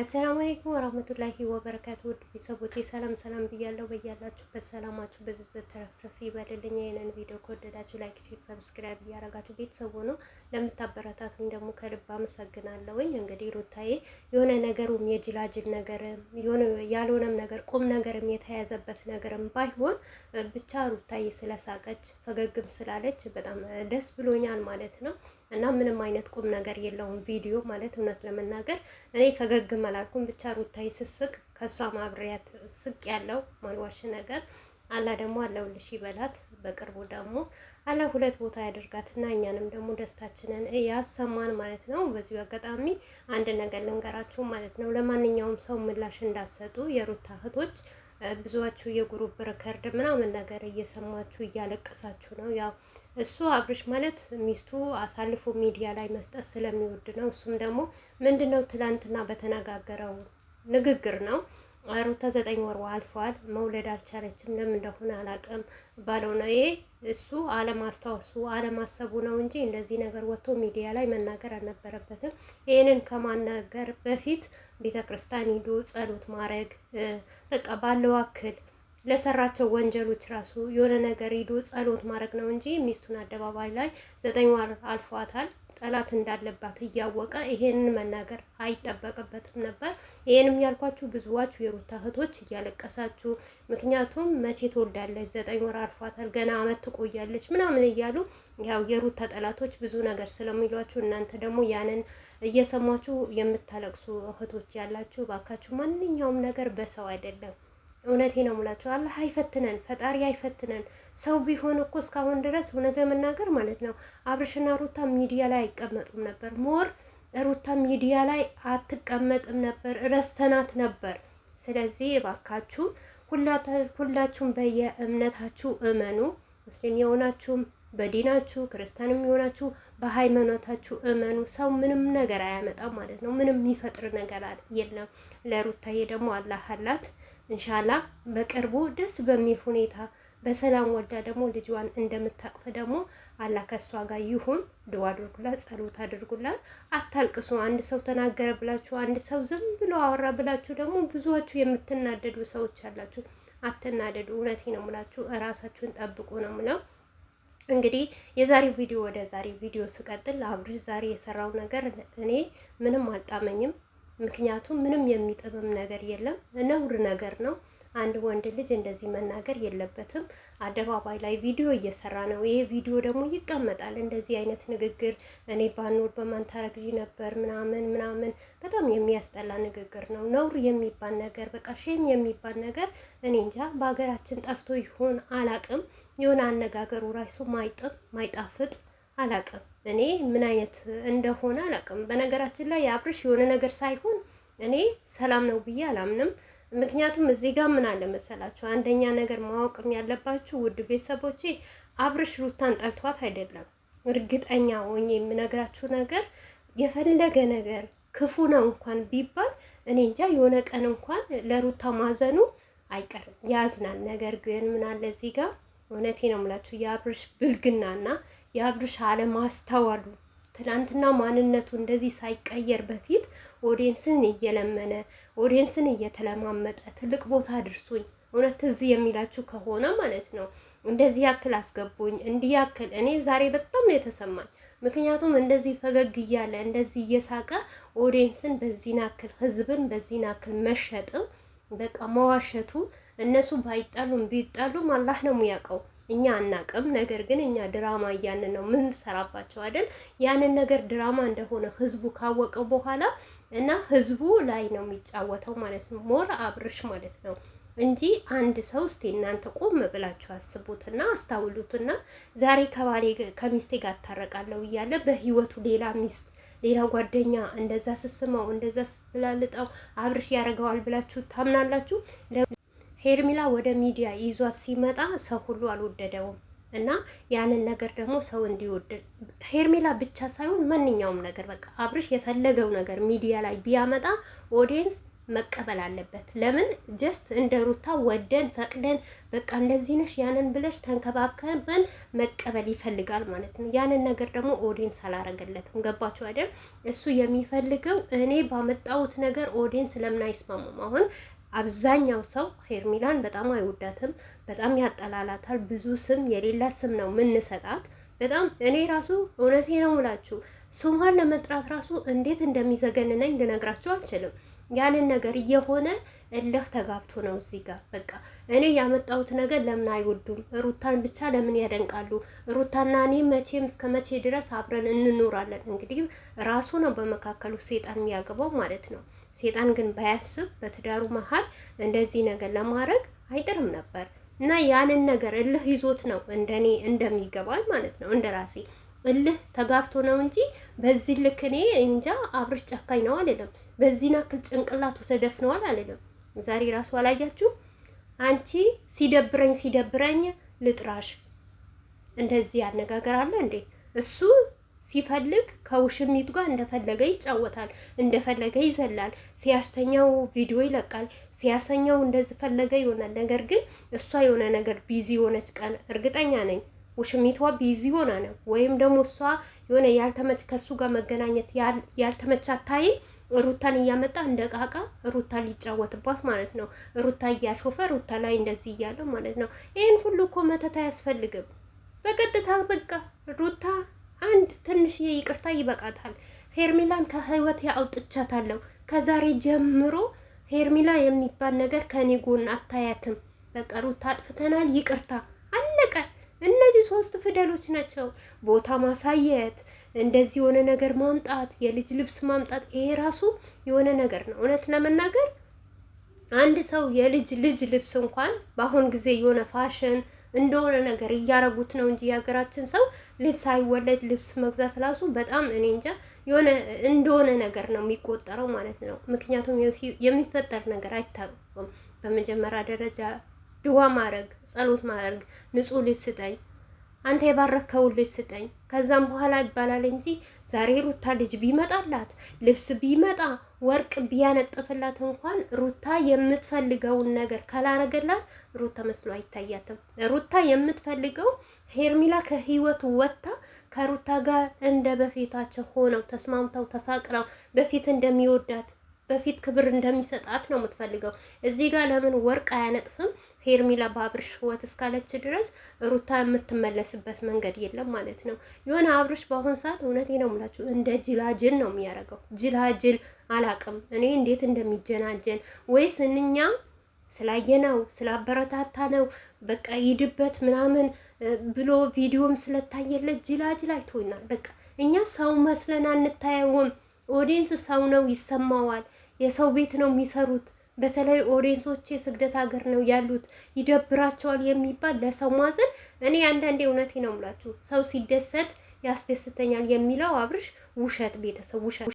አሰላሙ አለይኩም ወራህመቱላሂ ወበረካቱ። ውድ ቤተሰቦቼ ሰላም ሰላም ብያለሁ። በያላችሁበት ሰላማችሁ በዝዝት ተረፍረፍ ይበልልኝ። ይህንን ቪዲዮ ከወደዳችሁ ላይክ፣ ሼር፣ ሰብስክራይብ እያረጋችሁ ቤተሰቡ ነው ለምታበረታቱኝ ደግሞ ከልብ አመሰግናለሁኝ። እንግዲህ ሩታዬ የሆነ ነገሩም የጅላጅል ነገር ያልሆነም ነገር ቁም ነገርም የተያዘበት ነገርም ባይሆን ብቻ ሩታዬ ስለሳቀች ፈገግም ስላለች በጣም ደስ ብሎኛል ማለት ነው። እና ምንም አይነት ቁም ነገር የለውም ቪዲዮ ማለት እውነት ለመናገር እኔ ፈገግም አላልኩም። ብቻ ሩታይ ስስቅ ከእሷ ማብሪያት ስቅ ያለው ማልዋሽ ነገር አላ ደግሞ አለውልሽ ይበላት። በቅርቡ ደግሞ አላ ሁለት ቦታ እና እኛንም ደግሞ ደስታችንን እያሰማን ማለት ነው። በዚሁ አጋጣሚ አንድ ነገር ልንገራችሁ ማለት ነው። ለማንኛውም ሰው ምላሽ እንዳሰጡ የሩታ እህቶች ብዙዎቹ የጉሩብ ሪከርድ ምናምን ነገር እየሰማችሁ እያለቀሳችሁ ነው። ያው እሱ አብርሽ ማለት ሚስቱ አሳልፎ ሚዲያ ላይ መስጠት ስለሚወድ ነው። እሱም ደግሞ ምንድን ነው ትላንትና በተነጋገረው ንግግር ነው ሩታ ዘጠኝ ወር አልፏል። መውለድ አልቻለችም። ለምን እንደሆነ አላውቅም። ባለው ነው ይሄ እሱ አለማስታወሱ አለማሰቡ ነው እንጂ እንደዚህ ነገር ወጥቶ ሚዲያ ላይ መናገር አልነበረበትም። ይህንን ከማናገር በፊት ቤተ ክርስቲያን ሂዶ ጸሎት ማድረግ በቃ ባለው አክል ለሰራቸው ወንጀሎች ራሱ የሆነ ነገር ሂዶ ጸሎት ማድረግ ነው እንጂ ሚስቱን አደባባይ ላይ ዘጠኝ ወር አልፏታል ጠላት እንዳለባት እያወቀ ይሄንን መናገር አይጠበቅበትም ነበር። ይሄንም ያልኳችሁ ብዙዋችሁ የሩታ እህቶች እያለቀሳችሁ፣ ምክንያቱም መቼ ትወልዳለች፣ ዘጠኝ ወር አርፏታል፣ ገና አመት ትቆያለች ምናምን እያሉ ያው የሩታ ጠላቶች ብዙ ነገር ስለሚሏችሁ እናንተ ደግሞ ያንን እየሰማችሁ የምታለቅሱ እህቶች ያላችሁ ባካችሁ፣ ማንኛውም ነገር በሰው አይደለም እውነቴ ነው የምላቸው። አላህ አይፈትነን፣ ፈጣሪ አይፈትነን። ሰው ቢሆን እኮ እስካሁን ድረስ እውነት ለመናገር ማለት ነው አብርሽና ሩታ ሚዲያ ላይ አይቀመጡም ነበር። ሞር ሩታ ሚዲያ ላይ አትቀመጥም ነበር፣ ረስተናት ነበር። ስለዚህ እባካችሁ ሁላችሁም በየእምነታችሁ እመኑ። ሙስሊም የሆናችሁም በዲናችሁ ክርስቲያንም የሆናችሁ በሃይማኖታችሁ እመኑ። ሰው ምንም ነገር አያመጣም ማለት ነው። ምንም የሚፈጥር ነገር የለም። ለሩታዬ ደግሞ አላህ አላት። እንሻላ በቅርቡ ደስ በሚል ሁኔታ በሰላም ወልዳ ደግሞ ልጇን እንደምታቅፍ ደግሞ አላህ ከእሷ ጋር ይሁን። ድዋ አድርጉላት፣ ጸሎት አድርጉላት። አታልቅሱ። አንድ ሰው ተናገረ ብላችሁ አንድ ሰው ዝም ብሎ አወራ ብላችሁ ደግሞ ብዙዎቹ የምትናደዱ ሰዎች አላችሁ። አትናደዱ። እውነቴ ነው ምላችሁ፣ እራሳችሁን ጠብቁ ነው ምለው። እንግዲህ የዛሬ ቪዲዮ ወደ ዛሬ ቪዲዮ ስቀጥል አብሪ ዛሬ የሰራው ነገር እኔ ምንም አልጣመኝም። ምክንያቱም ምንም የሚጥምም ነገር የለም፣ ነውር ነገር ነው። አንድ ወንድ ልጅ እንደዚህ መናገር የለበትም። አደባባይ ላይ ቪዲዮ እየሰራ ነው። ይሄ ቪዲዮ ደግሞ ይቀመጣል። እንደዚህ አይነት ንግግር እኔ ባኖር በማን ነበር ምናምን ምናምን፣ በጣም የሚያስጠላ ንግግር ነው። ነውር የሚባል ነገር በቃ ሼም የሚባል ነገር እኔ እንጃ በሀገራችን ጠፍቶ ይሆን አላቅም። የሆነ አነጋገሩ ራሱ ማይጥም ማይጣፍጥ አላቅም። እኔ ምን አይነት እንደሆነ አላውቅም። በነገራችን ላይ አብርሽ የሆነ ነገር ሳይሆን እኔ ሰላም ነው ብዬ አላምንም። ምክንያቱም እዚህ ጋር ምን አለ መሰላችሁ፣ አንደኛ ነገር ማወቅም ያለባችሁ ውድ ቤተሰቦቼ፣ አብርሽ ሩታን ጠልቷት አይደለም። እርግጠኛ ሆኜ የምነግራችሁ ነገር የፈለገ ነገር ክፉ ነው እንኳን ቢባል እኔ እንጃ የሆነ ቀን እንኳን ለሩታ ማዘኑ አይቀርም ያዝናል። ነገር ግን ምን አለ እዚህ ጋር እውነቴ ነው የምላችሁ የአብርሽ ብልግናና የአብርሽ አለማስተዋሉ ትናንትና ማንነቱ እንደዚህ ሳይቀየር በፊት ኦዲየንስን እየለመነ ኦዲየንስን እየተለማመጠ ትልቅ ቦታ አድርሱኝ፣ እውነት እዚህ የሚላችሁ ከሆነ ማለት ነው እንደዚህ ያክል አስገቡኝ፣ እንዲህ ያክል እኔ ዛሬ በጣም ነው የተሰማኝ። ምክንያቱም እንደዚህ ፈገግ እያለ እንደዚህ እየሳቀ ኦዲየንስን በዚህ ናክል ህዝብን በዚህ ናክል መሸጥም በቃ መዋሸቱ እነሱ ባይጣሉም ቢጣሉም አላህ ነው የሚያውቀው። እኛ አናቅም። ነገር ግን እኛ ድራማ እያንን ነው ምን ሰራባቸው አይደል? ያንን ነገር ድራማ እንደሆነ ህዝቡ ካወቀው በኋላ እና ህዝቡ ላይ ነው የሚጫወተው ማለት ነው። ሞር አብርሽ ማለት ነው እንጂ አንድ ሰው እስቲ እናንተ ቆም ብላችሁ አስቡትና አስታውሉትና ዛሬ ከባሌ ከሚስቴ ጋር ታረቃለው እያለ በህይወቱ ሌላ ሚስት ሌላ ጓደኛ እንደዛ ስስመው እንደዛ ስትላልጠው አብርሽ ያደርገዋል ብላችሁ ታምናላችሁ? ሄርሚላ ወደ ሚዲያ ይዟት ሲመጣ ሰው ሁሉ አልወደደውም እና ያንን ነገር ደግሞ ሰው እንዲወድ ሄርሜላ ብቻ ሳይሆን ማንኛውም ነገር በቃ አብርሽ የፈለገው ነገር ሚዲያ ላይ ቢያመጣ ኦዲየንስ መቀበል አለበት። ለምን ጀስት እንደ ሩታ ወደን ፈቅደን በቃ እንደዚህ ነሽ ያንን ብለሽ ተንከባከበን መቀበል ይፈልጋል ማለት ነው። ያንን ነገር ደግሞ ኦዲየንስ አላረገለትም። ገባችሁ አይደል? እሱ የሚፈልገው እኔ ባመጣሁት ነገር ኦዲየንስ ለምን አይስማሙም? አሁን አብዛኛው ሰው ሄርሜላን በጣም አይወዳትም፣ በጣም ያጠላላታል። ብዙ ስም የሌላ ስም ነው የምንሰጣት። በጣም እኔ ራሱ እውነቴ ነው ምላችሁ ስሟን ለመጥራት ራሱ እንዴት እንደሚዘገንነኝ ልነግራችሁ አልችልም። ያንን ነገር እየሆነ እልህ ተጋብቶ ነው እዚህ ጋር በቃ እኔ ያመጣሁት ነገር ለምን አይወዱም? ሩታን ብቻ ለምን ያደንቃሉ? ሩታና እኔ መቼም እስከ መቼ ድረስ አብረን እንኖራለን? እንግዲህ ራሱ ነው በመካከሉ ሴጣን የሚያገባው ማለት ነው። ሴጣን ግን ባያስብ በትዳሩ መሀል እንደዚህ ነገር ለማድረግ አይጥርም ነበር። እና ያንን ነገር እልህ ይዞት ነው እንደኔ እንደሚገባል ማለት ነው እንደ ራሴ እልህ ተጋብቶ ነው እንጂ በዚህ ልክ እኔ እንጃ አብርሽ ጨካኝ ነው አልልም። በዚህ ናክል ጭንቅላቱ ተደፍነዋል አልልም። ዛሬ ራሱ አላያችሁ አንቺ ሲደብረኝ ሲደብረኝ ልጥራሽ እንደዚህ ያነጋገር አለ እንዴ? እሱ ሲፈልግ ከውሽሚቱ ጋር እንደፈለገ ይጫወታል፣ እንደፈለገ ይዘላል፣ ሲያስተኛው ቪዲዮ ይለቃል፣ ሲያሰኛው እንደዚህ ፈለገ ይሆናል። ነገር ግን እሷ የሆነ ነገር ቢዚ የሆነች ቀን እርግጠኛ ነኝ ውሽሚቷ ቢዚ ሆና ነው ወይም ደግሞ እሷ የሆነ ያልተመች ከሱ ጋር መገናኘት ያልተመች አታይ ሩታን እያመጣ እንደ ቃቃ ሩታ ሊጫወትባት ማለት ነው። ሩታ እያሾፈ ሩታ ላይ እንደዚህ እያለ ማለት ነው። ይህን ሁሉ እኮ መተት አያስፈልግም። በቀጥታ በቃ ሩታ ትንሽዬ ይቅርታ ይበቃታል። ሄርሚላን ከህይወት አውጥቻታለሁ። ከዛሬ ጀምሮ ሄርሚላ የሚባል ነገር ከኔ ጎን አታያትም። በቀሩ ታጥፍተናል። ይቅርታ አለቀ። እነዚህ ሶስት ፊደሎች ናቸው። ቦታ ማሳየት፣ እንደዚህ የሆነ ነገር ማምጣት፣ የልጅ ልብስ ማምጣት፣ ይሄ ራሱ የሆነ ነገር ነው። እውነት ለመናገር አንድ ሰው የልጅ ልጅ ልብስ እንኳን በአሁን ጊዜ የሆነ ፋሽን እንደሆነ ነገር እያረጉት ነው እንጂ የሀገራችን ሰው ልጅ ሳይወለድ ልብስ መግዛት ራሱ በጣም እኔ እንጃ የሆነ እንደሆነ ነገር ነው የሚቆጠረው ማለት ነው። ምክንያቱም የሚፈጠር ነገር አይታወቅም። በመጀመሪያ ደረጃ ድዋ ማድረግ፣ ጸሎት ማድረግ፣ ንጹህ ልጅ ስጠኝ አንተ የባረከውን ልጅ ስጠኝ፣ ከዛም በኋላ ይባላል እንጂ ዛሬ ሩታ ልጅ ቢመጣላት ልብስ ቢመጣ ወርቅ ቢያነጥፍላት እንኳን ሩታ የምትፈልገውን ነገር ካላረገላት ሩታ መስሎ አይታያትም። ሩታ የምትፈልገው ሄርሚላ ከህይወቱ ወጥታ ከሩታ ጋር እንደ በፊታቸው ሆነው ተስማምተው ተፋቅረው በፊት እንደሚወዳት በፊት ክብር እንደሚሰጣት ነው የምትፈልገው። እዚህ ጋር ለምን ወርቅ አያነጥፍም? ሄርሚላ በአብርሽ ህይወት እስካለች ድረስ ሩታ የምትመለስበት መንገድ የለም ማለት ነው። የሆነ አብርሽ በአሁኑ ሰዓት እውነቴ ነው የምላችሁ እንደ ጅላጅል ነው የሚያደርገው። ጅላጅል አላቅም እኔ እንዴት እንደሚጀናጀን ወይስ እንኛ ስላየነው ስላበረታታ ነው በቃ ይድበት ምናምን ብሎ ቪዲዮም ስለታየለት ጅላጅል አይቶናል። በቃ እኛ ሰው መስለን አንታየውም። ኦዲየንስ ሰው ነው፣ ይሰማዋል። የሰው ቤት ነው የሚሰሩት። በተለይ ኦዲየንሶቼ የስግደት ሀገር ነው ያሉት፣ ይደብራቸዋል የሚባል ለሰው ማዘን እኔ አንዳንዴ እውነቴ ነው የምላችሁ ሰው ሲደሰት ያስደስተኛል የሚለው አብርሽ ውሸት፣ ቤተሰብ ውሸት።